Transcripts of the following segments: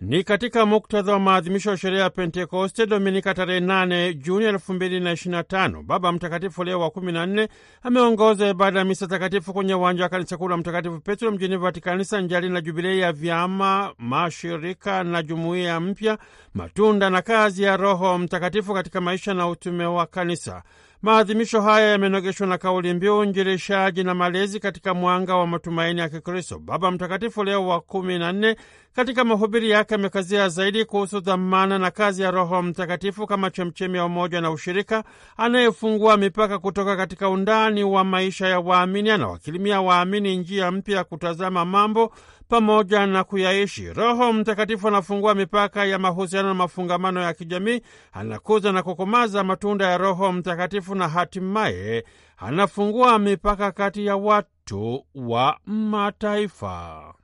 ni katika muktadha wa maadhimisho ya sherehe ya Pentekoste, Dominika tarehe nane Juni tano Baba Mtakatifu Leo wa 14 ameongoza ibada ya misa takatifu kwenye uwanja wa kanisa kuu la Mtakatifu Petro mjini Vatikani, sanjari na jubilei ya vyama, mashirika na jumuiya mpya, matunda na kazi ya Roho Mtakatifu katika maisha na utume wa kanisa. Maadhimisho haya yamenogeshwa na kauli mbiu njirishaji na malezi katika mwanga wa matumaini ya Kikristo. Baba Mtakatifu Leo wa kumi na nne katika mahubiri yake amekazia zaidi kuhusu dhamana na kazi ya Roho Mtakatifu kama chemchemi ya umoja na ushirika, anayefungua mipaka kutoka katika undani wa maisha ya waamini, anawakilimia waamini njia mpya ya kutazama mambo pamoja na kuyaishi. Roho Mtakatifu anafungua mipaka ya mahusiano na mafungamano ya kijamii, anakuza na kukomaza matunda ya Roho Mtakatifu na hatimaye anafungua mipaka kati ya watu wa mataifa.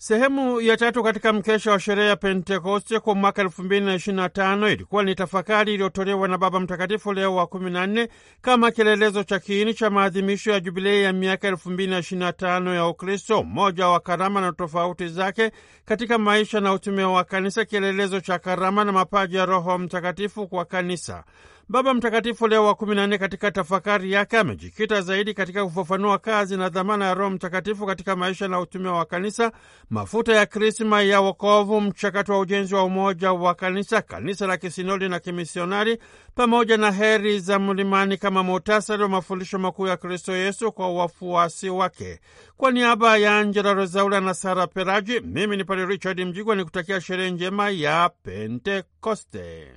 Sehemu ya tatu katika mkesha wa sherehe ya Pentekoste kwa mwaka elfu mbili na ishirini na tano ilikuwa ni tafakari iliyotolewa na Baba Mtakatifu Leo wa kumi na nne kama kielelezo cha kiini cha maadhimisho ya jubilei ya miaka elfu mbili na ishirini na tano ya Ukristo, mmoja wa karama na tofauti zake katika maisha na utume wa kanisa, kielelezo cha karama na mapaji ya Roho Mtakatifu kwa kanisa. Baba Mtakatifu Leo wa kumi na nne katika tafakari yake amejikita zaidi katika kufafanua kazi na dhamana ya Roho Mtakatifu katika maisha na utume wa Kanisa, mafuta ya Krisma ya wokovu, mchakato wa ujenzi wa umoja wa Kanisa, kanisa la kisinodi na kimisionari, pamoja na heri za mlimani kama muhtasari wa mafundisho makuu ya Kristo Yesu kwa wafuasi wake. Kwa niaba ya Angela rozaula na Sara Peraji, mimi ni Padre Richard Mjigwa nikutakia sherehe njema ya Pentekoste.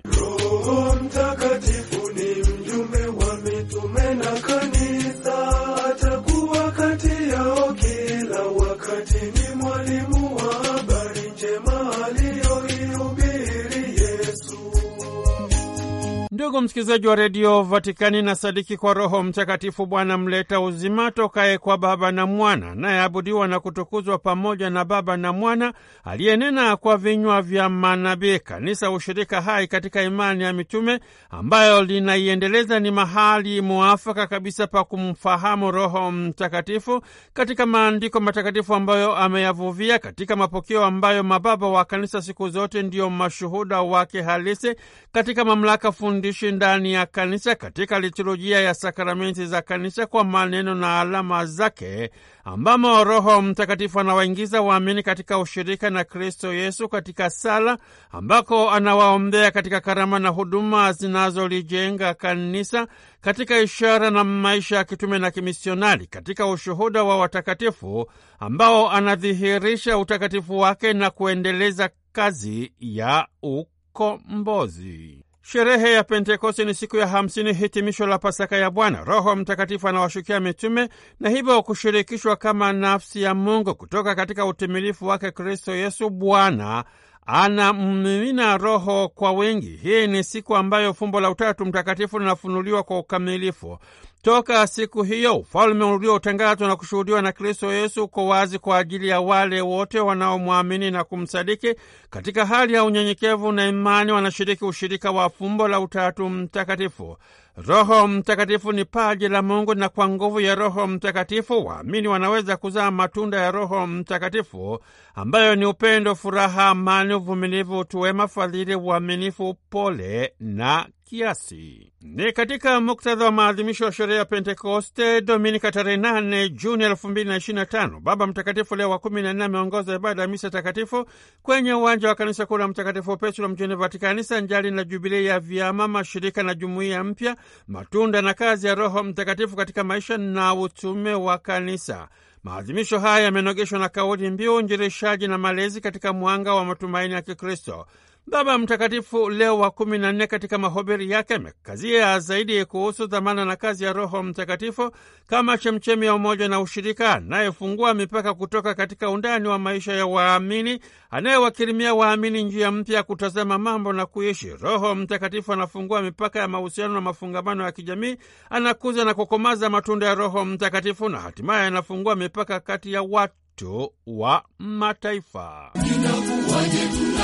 Ndugu msikilizaji wa redio Vatikani, na sadiki kwa Roho Mtakatifu Bwana mleta uzima tokaye kwa Baba na Mwana, nayeabudiwa na kutukuzwa pamoja na Baba na Mwana, aliyenena kwa vinywa vya manabii. Kanisa ushirika hai katika imani ya mitume ambayo linaiendeleza ni mahali muafaka kabisa pa kumfahamu Roho Mtakatifu katika maandiko matakatifu ambayo ameyavuvia, katika mapokeo ambayo mababa wa Kanisa siku zote ndiyo mashuhuda wake halisi, katika mamlaka fundi kuishi ndani ya kanisa katika liturujia ya sakramenti za kanisa kwa maneno na alama zake, ambamo Roho Mtakatifu anawaingiza waamini katika ushirika na Kristo Yesu katika sala, ambako anawaombea katika karama na huduma zinazolijenga kanisa, katika ishara na maisha ya kitume na kimisionari, katika ushuhuda wa watakatifu ambao anadhihirisha utakatifu wake na kuendeleza kazi ya ukombozi. Sherehe ya Pentekoste ni siku ya hamsini, hitimisho la Pasaka ya Bwana. Roho Mtakatifu anawashukia mitume na hivyo kushirikishwa kama nafsi ya Mungu kutoka katika utimilifu wake Kristo Yesu Bwana anammimina Roho kwa wengi. Hii ni siku ambayo fumbo la Utatu Mtakatifu linafunuliwa kwa ukamilifu. Toka siku hiyo ufalme uliotangazwa na kushuhudiwa na Kristo Yesu uko wazi kwa ajili ya wale wote wanaomwamini na kumsadiki. Katika hali ya unyenyekevu na imani, wanashiriki ushirika wa fumbo la Utatu Mtakatifu. Roho Mtakatifu ni paji la Mungu, na kwa nguvu ya Roho Mtakatifu waamini wanaweza kuzaa matunda ya Roho Mtakatifu ambayo ni upendo, furaha, amani, uvumilivu, utu wema, fadhili, uaminifu, upole na kiasi. Ni katika muktadha wa maadhimisho ya sherehe ya Pentekoste, Dominika tarehe 8 Juni 2025, Baba Mtakatifu Leo wa 14 ameongoza ibada ya misa takatifu kwenye uwanja wa kanisa kuu la Mtakatifu Petro mjini Vatikani, sanjali na jubilei ya vyama, mashirika na jumuiya mpya, matunda na kazi ya Roho Mtakatifu katika maisha na utume wa kanisa. Maadhimisho haya yamenogeshwa na kauli mbiu, uinjilishaji na malezi katika mwanga wa matumaini ya Kikristo. Baba Mtakatifu Leo wa kumi na nne katika mahubiri yake amekazia zaidi kuhusu dhamana na kazi ya Roho Mtakatifu kama chemchemi ya umoja na ushirika, anayefungua mipaka kutoka katika undani wa maisha ya waamini, anayewakirimia waamini njia mpya ya kutazama mambo na kuishi. Roho Mtakatifu anafungua mipaka ya mahusiano na mafungamano ya kijamii, anakuza na kukomaza matunda ya Roho Mtakatifu na hatimaye anafungua mipaka kati ya watu wa mataifa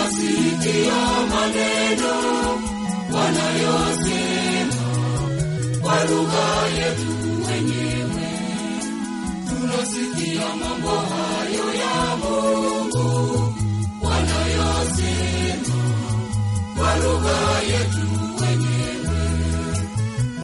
wasitia maneno wanayosema kwa lugha yetu wenyewe, tunasikia mambo hayo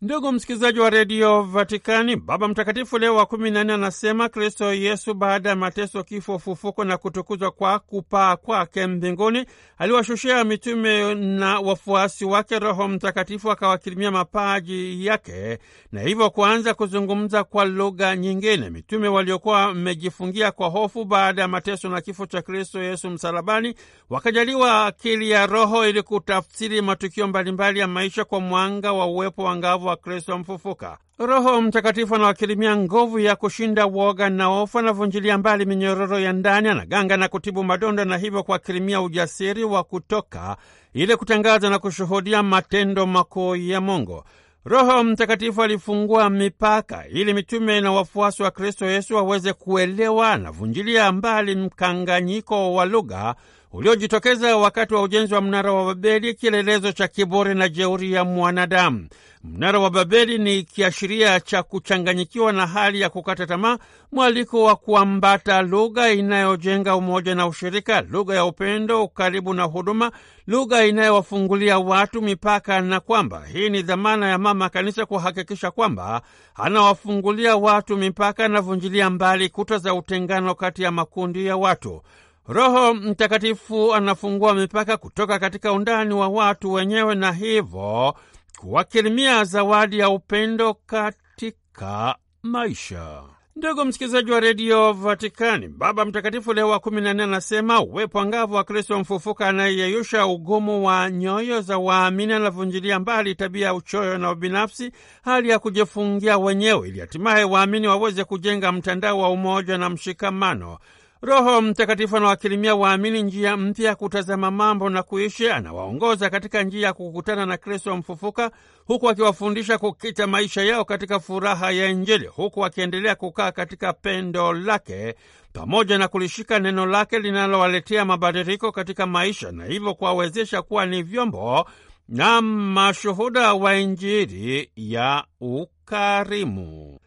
Ndugu msikilizaji wa redio Vatikani, Baba Mtakatifu Leo wa kumi na nne anasema Kristo Yesu, baada ya mateso, kifo, fufuko na kutukuzwa kwa kupaa kwake mbinguni, aliwashushia mitume na wafuasi wake Roho Mtakatifu akawakirimia mapaji yake, na hivyo kuanza kuzungumza kwa lugha nyingine. Mitume waliokuwa wamejifungia kwa hofu baada ya mateso na kifo cha Kristo Yesu msalabani, wakajaliwa akili ya Roho ili kutafsiri matukio mbalimbali ya maisha kwa mwanga wa uwepo ngavu wa Kristo mfufuka. Roho Mtakatifu anawakirimia nguvu ya kushinda woga na hofu, anavunjilia mbali minyororo ya ndani, anaganga na kutibu madonda, na hivyo kuwakirimia ujasiri wa kutoka ili kutangaza na kushuhudia matendo makuu ya Mungu. Roho Mtakatifu alifungua mipaka ili mitume na wafuasi wa Kristo Yesu waweze kuelewa, anavunjilia mbali mkanganyiko wa lugha uliojitokeza wakati wa ujenzi wa mnara wa Babeli, kielelezo cha kiburi na jeuri ya mwanadamu. Mnara wa Babeli ni kiashiria cha kuchanganyikiwa na hali ya kukata tamaa, mwaliko wa kuambata lugha inayojenga umoja na ushirika, lugha ya upendo, ukaribu na huduma, lugha inayowafungulia watu mipaka, na kwamba hii ni dhamana ya Mama Kanisa kuhakikisha kwamba anawafungulia watu mipaka, anavunjilia mbali kuta za utengano kati ya makundi ya watu. Roho Mtakatifu anafungua mipaka kutoka katika undani wa watu wenyewe na hivyo kuwakirimia zawadi ya upendo katika maisha. Ndugu msikilizaji wa redio Vatikani, Baba Mtakatifu Leo wa kumi na nne anasema uwepo angavu wa Kristo mfufuka anayeyeyusha ugumu wa nyoyo za waamini, anavunjilia mbali tabia ya uchoyo na ubinafsi, hali ya kujifungia wenyewe, ili hatimaye waamini waweze kujenga mtandao wa umoja na mshikamano. Roho Mtakatifu anawakirimia waamini njia mpya ya kutazama mambo na kuishi. Anawaongoza katika njia ya kukutana na Kristo mfufuka, huku akiwafundisha kukita maisha yao katika furaha ya Injili, huku akiendelea kukaa katika pendo lake pamoja na kulishika neno lake linalowaletea mabadiliko katika maisha na hivyo kuwawezesha kuwa ni vyombo na mashuhuda wa Injili ya ukarimu.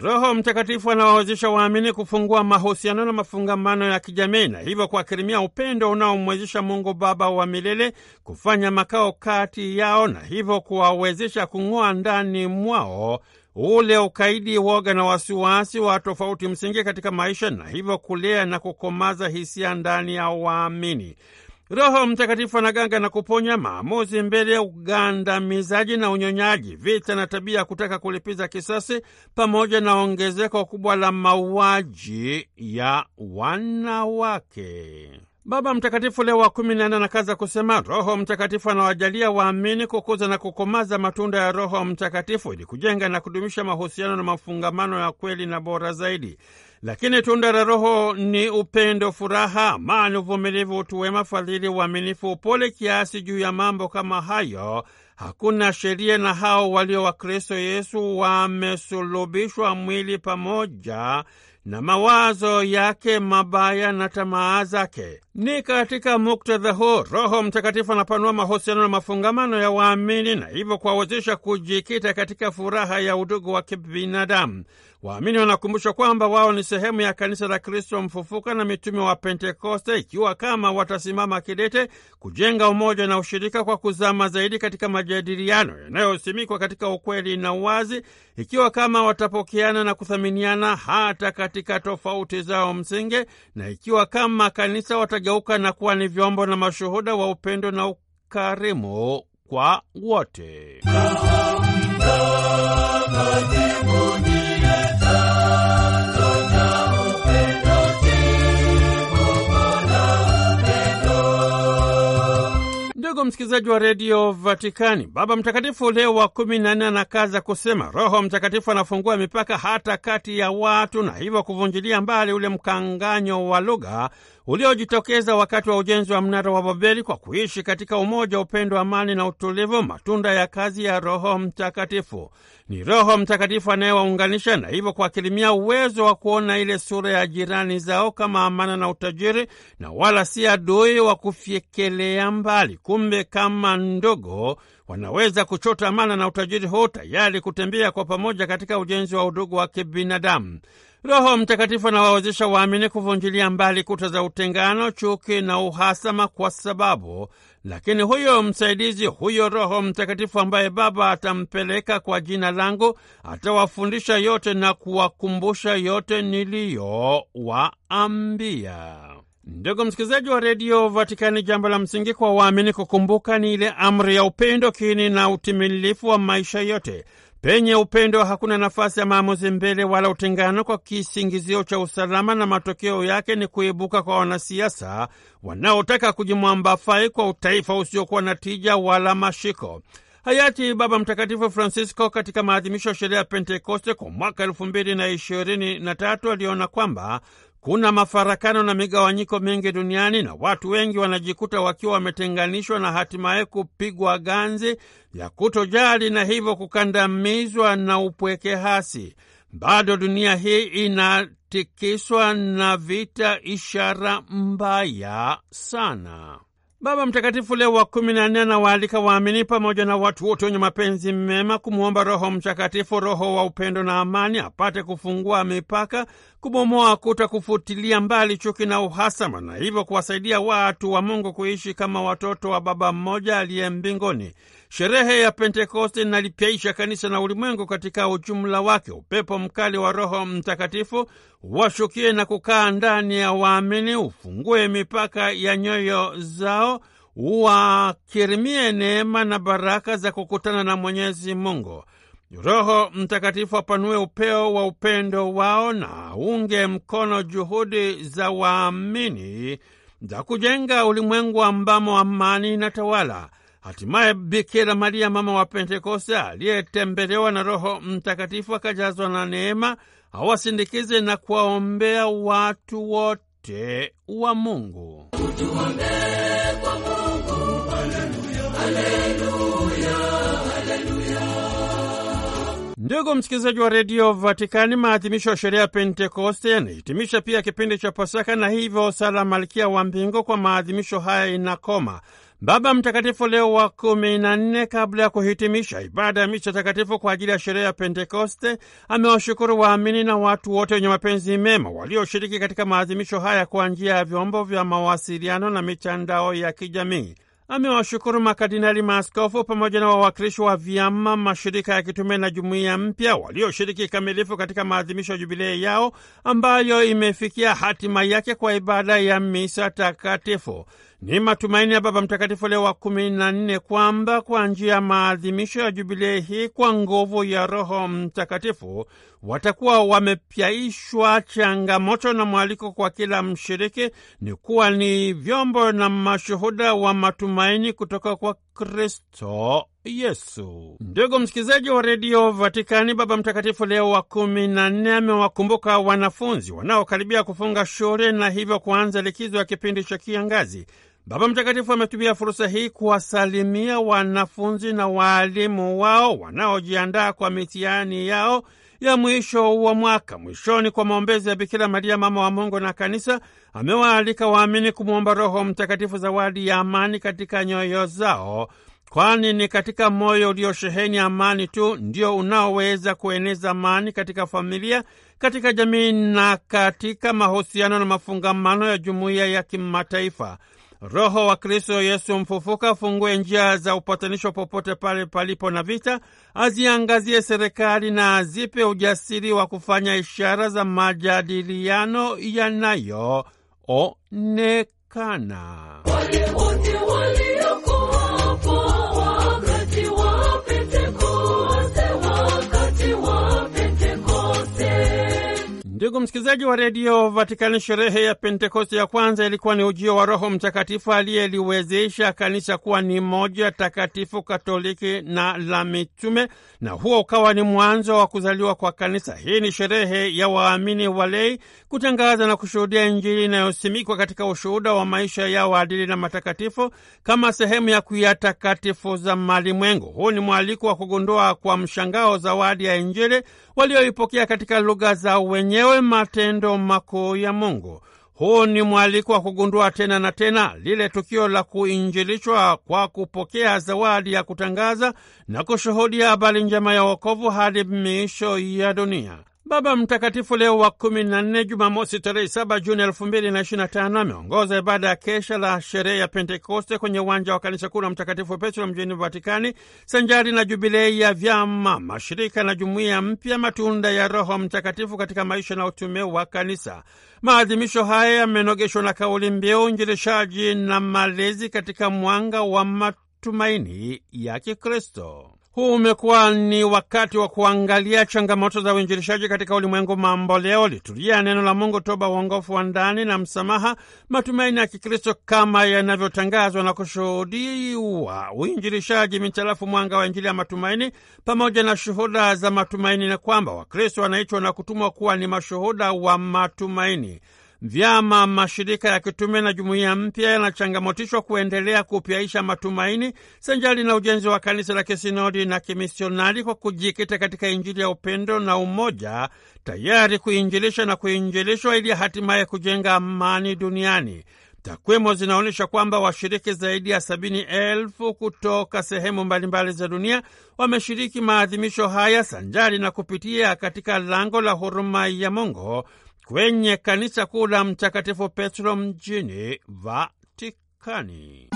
Roho Mtakatifu anawawezesha waamini kufungua mahusiano na mafungamano ya kijamii na hivyo kuakirimia upendo unaomwezesha Mungu Baba wa milele kufanya makao kati yao na hivyo kuwawezesha kung'oa ndani mwao ule ukaidi, woga na wasiwasi wa tofauti msingi katika maisha na hivyo kulea na kukomaza hisia ndani ya waamini. Roho Mtakatifu anaganga na kuponya maamuzi mbele ya ugandamizaji na unyonyaji, vita na tabia ya kutaka kulipiza kisasi, pamoja na ongezeko kubwa la mauaji ya wanawake. Baba Mtakatifu Leo wa kumi na nne anakaza kusema, Roho Mtakatifu anawajalia waamini kukuza na kukomaza matunda ya Roho Mtakatifu ili kujenga na kudumisha mahusiano na mafungamano ya kweli na bora zaidi. Lakini tunda la Roho ni upendo, furaha, amani, uvumilivu, utu wema, fadhili, uaminifu, upole, kiasi. Juu ya mambo kama hayo hakuna sheria, na hao walio wa Kristo Yesu wamesulubishwa mwili pamoja na mawazo yake mabaya na tamaa zake. Ni katika muktadha huu Roho Mtakatifu anapanua mahusiano na mafungamano ya waamini na hivyo kuwawezesha kujikita katika furaha ya udugu wa kibinadamu. Waamini wanakumbushwa kwamba wao ni sehemu ya kanisa la Kristo mfufuka na mitume wa Pentekoste, ikiwa kama watasimama kidete kujenga umoja na ushirika kwa kuzama zaidi katika majadiliano yanayosimikwa katika ukweli na uwazi, ikiwa kama watapokeana na kuthaminiana hata katika tofauti zao msingi, na ikiwa kama kanisa watageuka na kuwa ni vyombo na mashuhuda wa upendo na ukarimu kwa wote. Ndugu msikilizaji wa redio Vatikani, Baba Mtakatifu Leo wa kumi na nne anakaza kusema Roho Mtakatifu anafungua mipaka hata kati ya watu na hivyo kuvunjilia mbali ule mkanganyo wa lugha uliojitokeza wakati wa ujenzi wa mnara wa Babeli kwa kuishi katika umoja, upendo, amani na utulivu, matunda ya kazi ya Roho Mtakatifu. Ni Roho Mtakatifu anayewaunganisha na hivyo kuakilimia uwezo wa kuona ile sura ya jirani zao kama amana na utajiri, na wala si adui wa kufyekelea mbali. Kumbe kama ndogo wanaweza kuchota amana na utajiri huu, tayari kutembea kwa pamoja katika ujenzi wa udugu wa kibinadamu. Roho Mtakatifu anawawezesha waamini kuvunjilia mbali kuta za utengano, chuki na uhasama, kwa sababu lakini huyo msaidizi, huyo Roho Mtakatifu ambaye Baba atampeleka kwa jina langu, atawafundisha yote na kuwakumbusha yote niliyowaambia. Ndugu msikilizaji wa redio Vatikani, jambo la msingi kwa waamini kukumbuka ni ile amri ya upendo, kini na utimilifu wa maisha yote. Penye upendo hakuna nafasi ya maamuzi mbele wala utengano, kwa kisingizio cha usalama, na matokeo yake ni kuibuka kwa wanasiasa wanaotaka kujimwambafai kwa utaifa usiokuwa na tija wala mashiko. Hayati Baba Mtakatifu Francisco katika maadhimisho ya sherehe ya Pentekoste kwa mwaka elfu mbili na ishirini na tatu aliona kwamba kuna mafarakano na migawanyiko mingi duniani na watu wengi wanajikuta wakiwa wametenganishwa na hatimaye kupigwa ganzi ya kutojali na hivyo kukandamizwa na upweke hasi. Bado dunia hii inatikiswa na vita, ishara mbaya sana. Baba Mtakatifu Leo wa kumi na nne anawaalika waamini pamoja na watu wote wenye mapenzi mema kumwomba Roho Mtakatifu, roho wa upendo na amani, apate kufungua mipaka, kubomoa kuta, kufutilia mbali chuki na uhasama, na hivyo kuwasaidia watu wa Mungu kuishi kama watoto wa Baba mmoja aliye mbinguni. Sherehe ya Pentekoste inalipyaisha kanisa na ulimwengu katika ujumla wake. Upepo mkali wa Roho Mtakatifu washukie na kukaa ndani ya waamini, ufungue mipaka ya nyoyo zao, wakirimie neema na baraka za kukutana na Mwenyezi Mungu. Roho Mtakatifu apanue upeo wa upendo wao na aunge mkono juhudi za waamini za kujenga ulimwengu ambamo amani inatawala. Hatimaye Bikira Maria, mama wa Pentekoste, aliyetembelewa na Roho Mtakatifu akajazwa na neema, awasindikize na kuwaombea watu wote wa Mungu. Ndugu msikilizaji wa redio Vatikani, maadhimisho ya sherehe ya Pentekoste yanahitimisha pia kipindi cha Pasaka na hivyo sala Malkia wa mbingo kwa maadhimisho haya inakoma. Baba Mtakatifu Leo wa kumi na nne, kabla ya kuhitimisha ibada ya misha takatifu kwa ajili ya sherehe ya Pentekoste, amewashukuru waamini na watu wote wenye mapenzi mema walioshiriki katika maadhimisho haya kwa njia ya vyombo vya mawasiliano na mitandao ya kijamii. Amewashukuru makardinali, maaskofu pamoja na wawakilishi wa vyama, mashirika ya kitume na jumuiya mpya walioshiriki kikamilifu katika maadhimisho ya jubilei yao ambayo imefikia hatima yake kwa ibada ya misa takatifu. Ni matumaini ya Baba Mtakatifu Leo wa kumi na nne kwamba kwa njia ya maadhimisho ya jubilei hii kwa nguvu ya Roho Mtakatifu watakuwa wamepyaishwa changamoto na mwaliko kwa kila mshiriki ni kuwa ni vyombo na mashuhuda wa matumaini kutoka kwa Kristo Yesu. Ndugu msikilizaji wa redio Vatikani, Baba Mtakatifu Leo wa kumi na nne amewakumbuka wanafunzi wanaokaribia kufunga shule na hivyo kuanza likizo ya kipindi cha kiangazi. Baba Mtakatifu ametumia fursa hii kuwasalimia wanafunzi na waalimu wao wanaojiandaa kwa mitihani yao ya mwisho wa mwaka. Mwishoni kwa maombezi ya Bikira Maria, mama wa Mungu na Kanisa, amewaalika waamini kumwomba Roho Mtakatifu zawadi ya amani katika nyoyo zao, kwani ni katika moyo uliosheheni amani tu ndio unaoweza kueneza amani katika familia, katika jamii na katika mahusiano na mafungamano ya jumuiya ya kimataifa. Roho wa Kristo Yesu mfufuka afungue njia za upatanisho popote pale palipo na vita, aziangazie serikali na azipe ujasiri wa kufanya ishara za majadiliano yanayoonekana. Ndugu msikilizaji wa redio Vatikani, sherehe ya Pentekoste ya kwanza ilikuwa ni ujio wa Roho Mtakatifu aliyeliwezesha kanisa kuwa ni moja takatifu, katoliki na la mitume, na huo ukawa ni mwanzo wa kuzaliwa kwa kanisa. Hii ni sherehe ya waamini walei kutangaza na kushuhudia Injili inayosimikwa katika ushuhuda wa maisha ya waadili na matakatifu kama sehemu ya kuyatakatifu za malimwengu. Huu ni mwaliko wa kugundua kwa mshangao zawadi ya Injili walioipokea katika lugha za wenyewe yawe matendo makuu ya Mungu. Huu ni mwaliko wa kugundua tena na tena lile tukio la kuinjilishwa kwa kupokea zawadi ya kutangaza na kushuhudia habari njema ya wokovu hadi miisho ya dunia. Baba Mtakatifu Leo wa kumi na nne, Jumamosi tarehe saba Juni elfu mbili na na tano ameongoza ibada ya kesha la sherehe ya Pentekoste kwenye uwanja wa kanisa kuu la Mtakatifu Petro mjini Vatikani, sanjari na jubilei ya vyama, mashirika na jumuiya mpya, matunda ya Roho Mtakatifu katika maisha na utume wa kanisa. Maadhimisho haya yamenogeshwa na kauli mbiu njirishaji na malezi katika mwanga wa matumaini ya Kikristo. Huu umekuwa ni wakati wa kuangalia changamoto za uinjilishaji katika ulimwengu mamboleo, litulia neno la Mungu, toba, uongofu wa ndani na msamaha, matumaini ya Kikristo kama yanavyotangazwa na kushuhudiwa, uinjilishaji mitalafu mwanga wa Injili ya matumaini, pamoja na shuhuda za matumaini, na kwamba Wakristo wanaitwa na kutumwa kuwa ni mashuhuda wa matumaini. Vyama, mashirika ya kitume na jumuiya mpya yanachangamotishwa kuendelea kupyaisha matumaini sanjari na ujenzi wa kanisa la kisinodi na kimisionari kwa kujikita katika Injili ya upendo na umoja, tayari kuinjilisha na kuinjilishwa ili hatimaye kujenga amani duniani. Takwimu zinaonyesha kwamba washiriki zaidi ya sabini elfu kutoka sehemu mbalimbali za dunia wameshiriki maadhimisho haya sanjari na kupitia katika lango la huruma ya Mungu kwenye kanisa kuu la Mtakatifu Petro mjini Vatikani.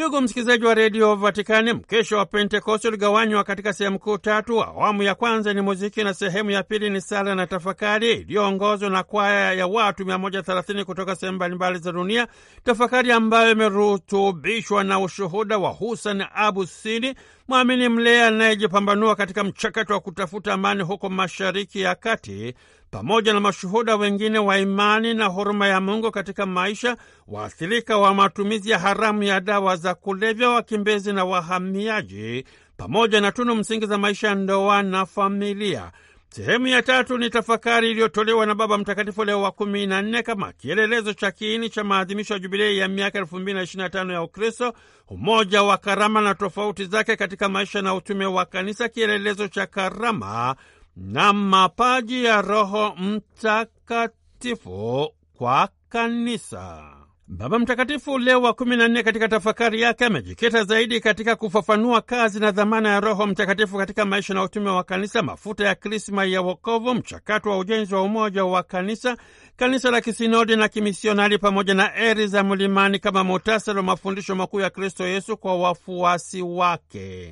Ndugu msikilizaji wa redio Vatikani, mkesho wa Pentekoste uligawanywa katika sehemu kuu tatu. Awamu ya kwanza ni muziki na sehemu ya pili ni sala na tafakari iliyoongozwa na kwaya ya watu 130 kutoka sehemu mbalimbali za dunia, tafakari ambayo imerutubishwa na ushuhuda wa Husan Abu Sidi, Mwamini Mlea anayejipambanua katika mchakato wa kutafuta amani huko Mashariki ya Kati, pamoja na mashuhuda wengine wa imani na huruma ya Mungu katika maisha, waathirika wa matumizi ya haramu ya dawa za kulevya, wakimbizi na wahamiaji, pamoja na tunu msingi za maisha ya ndoa na familia. Sehemu ya tatu ni tafakari iliyotolewa na Baba Mtakatifu Leo wa kumi na nne kama kielelezo cha kiini cha maadhimisho ya jubilei ya miaka elfu mbili na ishirini na tano ya Ukristo, umoja wa karama na tofauti zake katika maisha na utume wa Kanisa, kielelezo cha karama na mapaji ya Roho Mtakatifu kwa Kanisa. Baba Mtakatifu Leo wa kumi na nne katika tafakari yake amejikita zaidi katika kufafanua kazi na dhamana ya Roho Mtakatifu katika maisha na utume wa Kanisa, mafuta ya krisma ya wokovu, mchakato wa ujenzi wa umoja wa Kanisa, kanisa la kisinodi na kimisionari, pamoja na eri za mlimani kama muhtasari wa mafundisho makuu ya Kristo Yesu kwa wafuasi wake.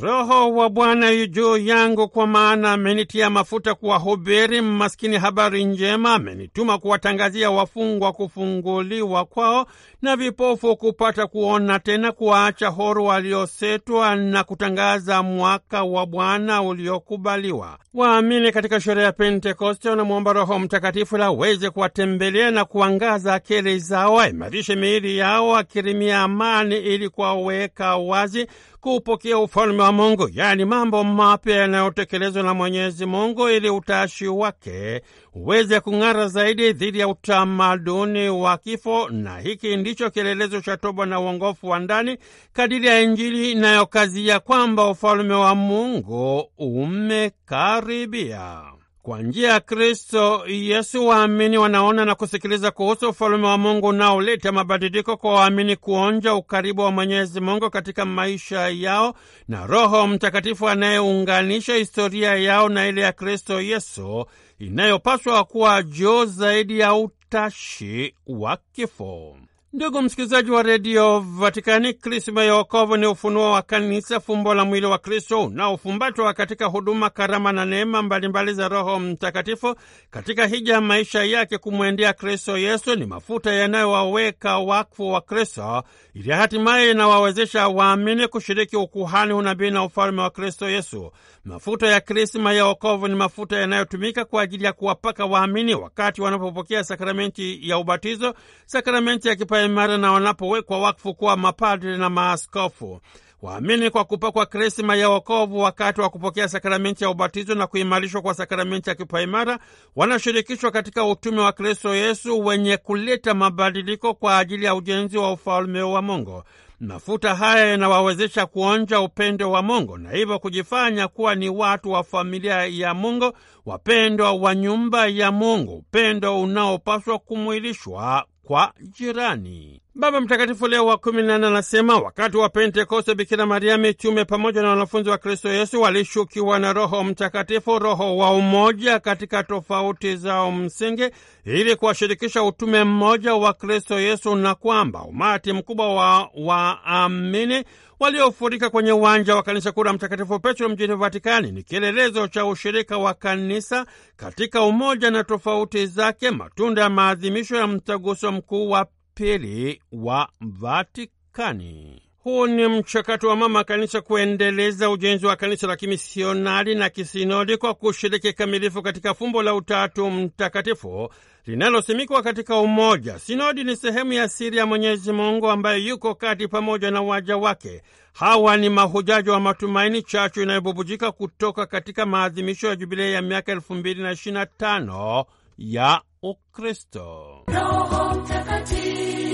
Roho wa Bwana yu juu yangu, kwa maana amenitia mafuta kuwahubiri maskini habari njema, amenituma kuwatangazia wafungwa kufunguliwa kwao, na vipofu kupata kuona tena, kuwaacha huru waliosetwa, na kutangaza mwaka wa Bwana uliokubaliwa. Waamini katika sherehe ya Pentekoste wanamwomba Roho Mtakatifu weze kuwatembelea na kuangaza akili zao, aimarishe miili yao, akirimia amani ili kuwaweka wazi kuupokea ufalme wa Mungu, yaani mambo mapya yanayotekelezwa na Mwenyezi Mungu ili utashi wake uweze kung'ara zaidi dhidi ya utamaduni wa kifo. Na hiki ndicho kielelezo cha toba na uongofu wa ndani kadiri ya Injili inayokazia kwamba ufalme wa Mungu umekaribia. Kwa njia ya Kristo Yesu, waamini wanaona na kusikiliza kuhusu ufalume wa Mungu unaoleta mabadiliko kwa waamini, kuonja ukaribu wa Mwenyezi Mungu katika maisha yao, na Roho Mtakatifu anayeunganisha historia yao na ile ya Kristo Yesu inayopaswa kuwa juu zaidi ya utashi wa kifo. Ndugu msikilizaji wa redio Vatikani, Krisma ya wokovu ni ufunuo wa kanisa, fumbo la mwili wa Kristo unaofumbatwa katika huduma, karama na neema mbalimbali za Roho Mtakatifu katika hija ya maisha yake. Kumwendea Kristo Yesu ni mafuta yanayowaweka wakfu wa Kristo ili hatimaye inawawezesha waamini kushiriki ukuhani, unabii na ufalme wa Kristo Yesu. Mafuta ya Krisma ya wokovu ni mafuta yanayotumika kwa ajili ya kuwapaka waamini wakati wanapopokea sakramenti ya ubatizo, sakramenti ya kipa imara na wanapowekwa wakfu kuwa mapadri na maaskofu. Waamini kwa kupakwa krisima ya wokovu wakati wa kupokea sakramenti ya ubatizo na kuimarishwa kwa sakramenti ya kipaimara, wanashirikishwa katika utume wa Kristo Yesu wenye kuleta mabadiliko kwa ajili ya ujenzi wa ufalme wa Mungu. Mafuta haya yanawawezesha kuonja upendo wa Mungu na hivyo kujifanya kuwa ni watu wa familia ya Mungu, wapendwa wa nyumba ya Mungu, upendo unaopaswa kumwilishwa kwa jirani. Baba Mtakatifu Leo wa kumi na nne anasema wakati wa Pentekoste, Bikira Maria mitume pamoja na wanafunzi wa Kristo Yesu walishukiwa na Roho Mtakatifu, roho wa umoja katika tofauti zao msingi, ili kuwashirikisha utume mmoja wa Kristo Yesu, na kwamba umati mkubwa wa waamini waliofurika kwenye uwanja wa kanisa kuu la Mtakatifu Petro mjini Vatikani ni kielelezo cha ushirika wa kanisa katika umoja na tofauti zake, matunda ya maadhimisho ya mtaguso mkuu wa pili wa Vatikani. Huu ni mchakato wa mama kanisa kuendeleza ujenzi wa kanisa la kimisionari na kisinodi kwa kushiriki kamilifu katika fumbo la Utatu Mtakatifu linalosimikwa katika umoja. Sinodi ni sehemu ya siri ya Mwenyezi Mungu ambaye yuko kati pamoja na waja wake. Hawa ni mahujaji wa matumaini, chachu inayobubujika kutoka katika maadhimisho ya jubilei ya miaka elfu mbili na ishirini na tano ya Ukristo. Roho Mtakatifu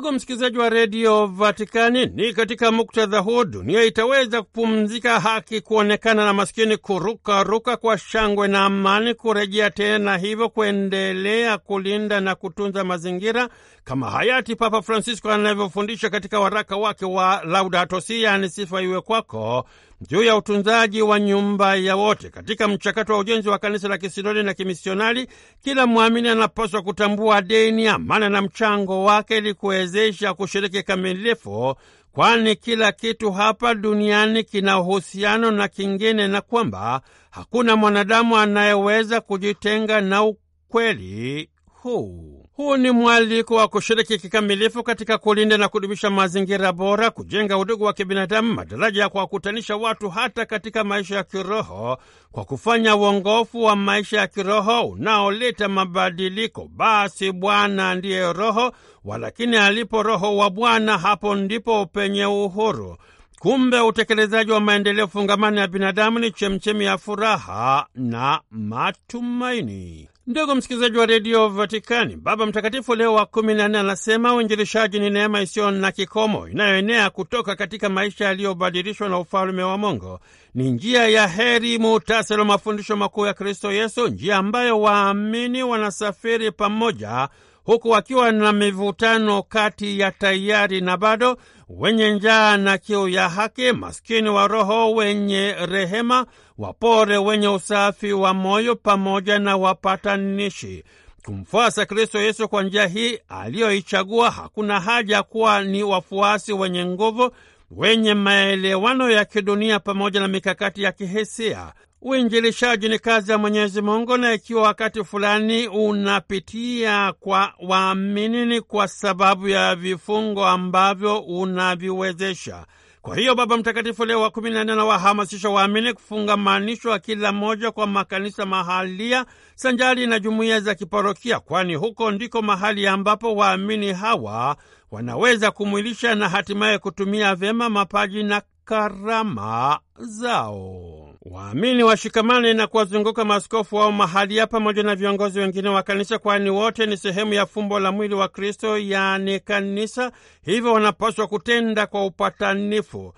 Ndugu msikilizaji wa redio Vatikani, ni katika muktadha huu dunia itaweza kupumzika, haki kuonekana na maskini kurukaruka kwa shangwe na amani kurejea tena, hivyo kuendelea kulinda na kutunza mazingira kama hayati Papa Francisco anavyofundisha katika waraka wake wa Laudato Si', yaani sifa iwe kwako juu ya utunzaji wa nyumba ya wote. Katika mchakato wa ujenzi wa kanisa la kisinodi na kimisionari, kila mwamini anapaswa kutambua deni, amana na mchango wake ili kuwezesha kushiriki kamilifu, kwani kila kitu hapa duniani kina uhusiano na kingine, na kwamba hakuna mwanadamu anayeweza kujitenga na ukweli huu. Huu ni mwaliko wa kushiriki kikamilifu katika kulinda na kudumisha mazingira bora, kujenga udugu wa kibinadamu, madaraja ya kuwakutanisha watu hata katika maisha ya kiroho, kwa kufanya uongofu wa maisha ya kiroho unaoleta mabadiliko. Basi Bwana ndiye Roho, walakini alipo Roho wa Bwana, hapo ndipo penye uhuru. Kumbe utekelezaji wa maendeleo fungamano ya binadamu ni chemchemi ya furaha na matumaini. Ndugu msikilizaji wa redio Vatikani, Baba Mtakatifu Leo wa kumi na nne anasema uinjilishaji ni neema isiyo na kikomo inayoenea kutoka katika maisha yaliyobadilishwa na ufalume wa Mungu. Ni njia ya heri muhtasari wa mafundisho makuu ya Kristo Yesu, njia ambayo waamini wanasafiri pamoja huku wakiwa na mivutano kati ya tayari na bado, wenye njaa na kiu ya haki, maskini wa roho, wenye rehema, wapore, wenye usafi wa moyo, pamoja na wapatanishi. Kumfuasa Kristo Yesu kwa njia hii aliyoichagua, hakuna haja kuwa ni wafuasi wenye nguvu, wenye maelewano ya kidunia pamoja na mikakati ya kihisia. Uinjilishaji ni kazi ya Mwenyezi Mungu, na ikiwa wakati fulani unapitia kwa waamini ni kwa sababu ya vifungo ambavyo unaviwezesha. Kwa hiyo Baba Mtakatifu Leo wa kumi na nne anawahamasisha waamini kufungamanishwa kila mmoja kwa makanisa mahalia sanjari na jumuiya za kiparokia kwani huko ndiko mahali ambapo waamini hawa wanaweza kumwilisha na hatimaye kutumia vyema mapaji na karama zao. Waamini washikamane na kuwazunguka maaskofu wao mahali ya pamoja na viongozi wengine wa kanisa, kwani wote ni sehemu ya fumbo la mwili wa Kristo, yaani kanisa, hivyo wanapaswa kutenda kwa upatanifu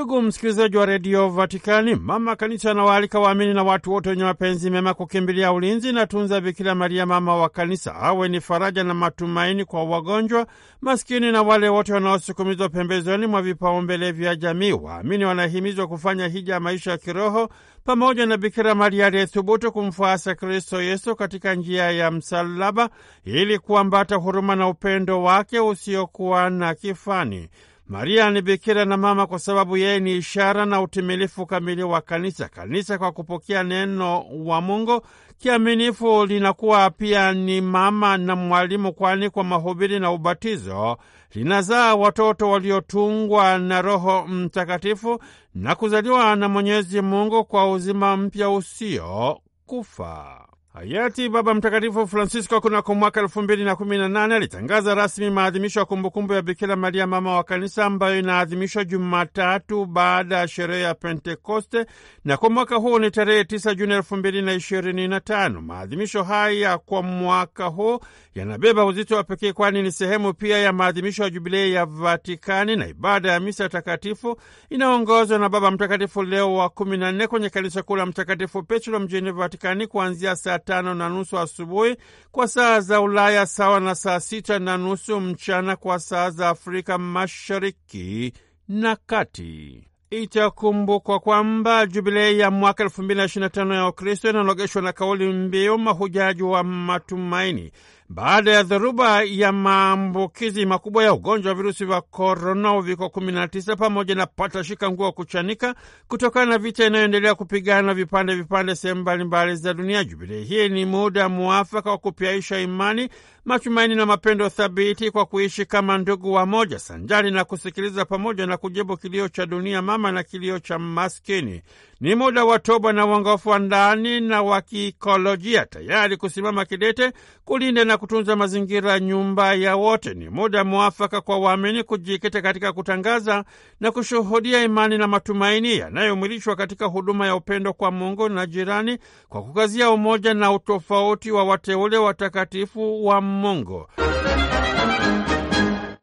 Ndugu msikilizaji wa redio Vatikani, mama kanisa anawaalika waamini na watu wote wenye mapenzi mema kukimbilia ulinzi na tunza Bikira Maria, mama wa kanisa, awe ni faraja na matumaini kwa wagonjwa, maskini na wale wote wanaosukumizwa pembezoni mwa vipaumbele vya jamii. Waamini wanahimizwa kufanya hija ya maisha ya kiroho pamoja na Bikira Maria aliyethubutu kumfuasa Kristo Yesu katika njia ya msalaba, ili kuambata huruma na upendo wake usiokuwa na kifani. Maria ni bikira na mama kwa sababu yeye ni ishara na utimilifu kamili wa kanisa. Kanisa kwa kupokea neno wa Mungu kiaminifu linakuwa pia ni mama na mwalimu, kwani kwa mahubiri na ubatizo linazaa watoto waliotungwa na Roho Mtakatifu na kuzaliwa na Mwenyezi Mungu kwa uzima mpya usio kufa. Hayati Baba Mtakatifu Francisco kunako mwaka elfu mbili na kumi na nane alitangaza rasmi maadhimisho ya kumbukumbu ya Bikira Maria mama wa Kanisa ambayo inaadhimishwa Jumatatu baada ya sherehe ya Pentekoste na kwa mwaka huu ni tarehe 9 Juni elfu mbili na ishirini na tano. Maadhimisho haya kwa mwaka huu yanabeba uzito wa pekee, kwani ni sehemu pia ya maadhimisho ya Jubilei ya Vatikani na ibada ya misa takatifu inaongozwa na Baba Mtakatifu Leo wa kumi na nne kwenye kanisa kuu la Mtakatifu Petro mjini Vatikani kuanzia saa tano na nusu asubuhi kwa saa za Ulaya, sawa na saa sita na nusu mchana kwa saa za Afrika Mashariki na Kati. Itakumbukwa kwamba jubilei ya mwaka 225 ya Ukristo inanogeshwa na kauli mbiu mahujaji wa matumaini baada ya dhoruba ya maambukizi makubwa ya ugonjwa wa virusi vya korona uviko 19 pamoja na patashika nguo kuchanika kutokana na vita inayoendelea kupigana vipande vipande sehemu mbalimbali za dunia. Jubilei hii ni muda mwafaka wa kupyaisha imani, matumaini na mapendo thabiti kwa kuishi kama ndugu wa moja, sanjari na kusikiliza pamoja na kujibu kilio cha dunia mama na kilio cha maskini. Ni muda wa toba na uongofu wa ndani na wa kiikolojia, tayari kusimama kidete kulinda na kutunza mazingira, nyumba ya wote. Ni muda mwafaka kwa waamini kujikita katika kutangaza na kushuhudia imani na matumaini yanayomwilishwa katika huduma ya upendo kwa Mungu na jirani, kwa kukazia umoja na utofauti wa wateule watakatifu wa Mungu.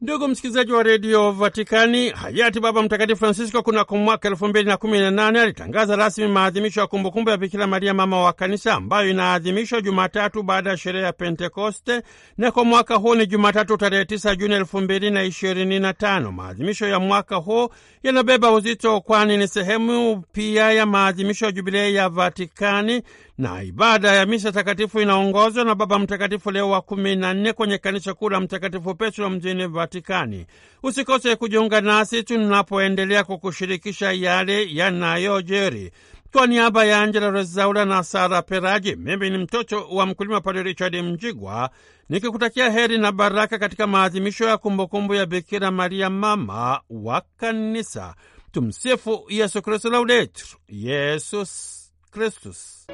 Ndugu msikilizaji wa redio Vatikani, hayati Baba Mtakatifu Francisco kunako mwaka elfu mbili na kumi na nane alitangaza rasmi maadhimisho ya kumbukumbu ya Bikira Maria mama wa Kanisa, ambayo inaadhimishwa Jumatatu baada ya sherehe ya Pentekoste, na kwa mwaka huu ni Jumatatu tarehe 9 Juni elfu mbili na ishirini na tano. Maadhimisho ya mwaka huu yanabeba uzito, kwani ni sehemu pia ya maadhimisho ya Jubilei ya Vatikani na ibada ya misa takatifu inaongozwa na Baba Mtakatifu Leo wa kumi na nne kwenye kanisa kuu la Mtakatifu Petro mjini Vatikani. Usikose kujiunga nasi tunapoendelea kukushirikisha yale yanayojeri. Kwa niaba ya Angela Rezaula na Sara Peraji, mimi ni mtoto wa mkulima Padre Richard Mjigwa, nikikutakia heri na baraka katika maadhimisho ya kumbukumbu ya Bikira Maria, mama wa Kanisa. Tumsifu Yesu Kristu, laudetur Yesus Christus.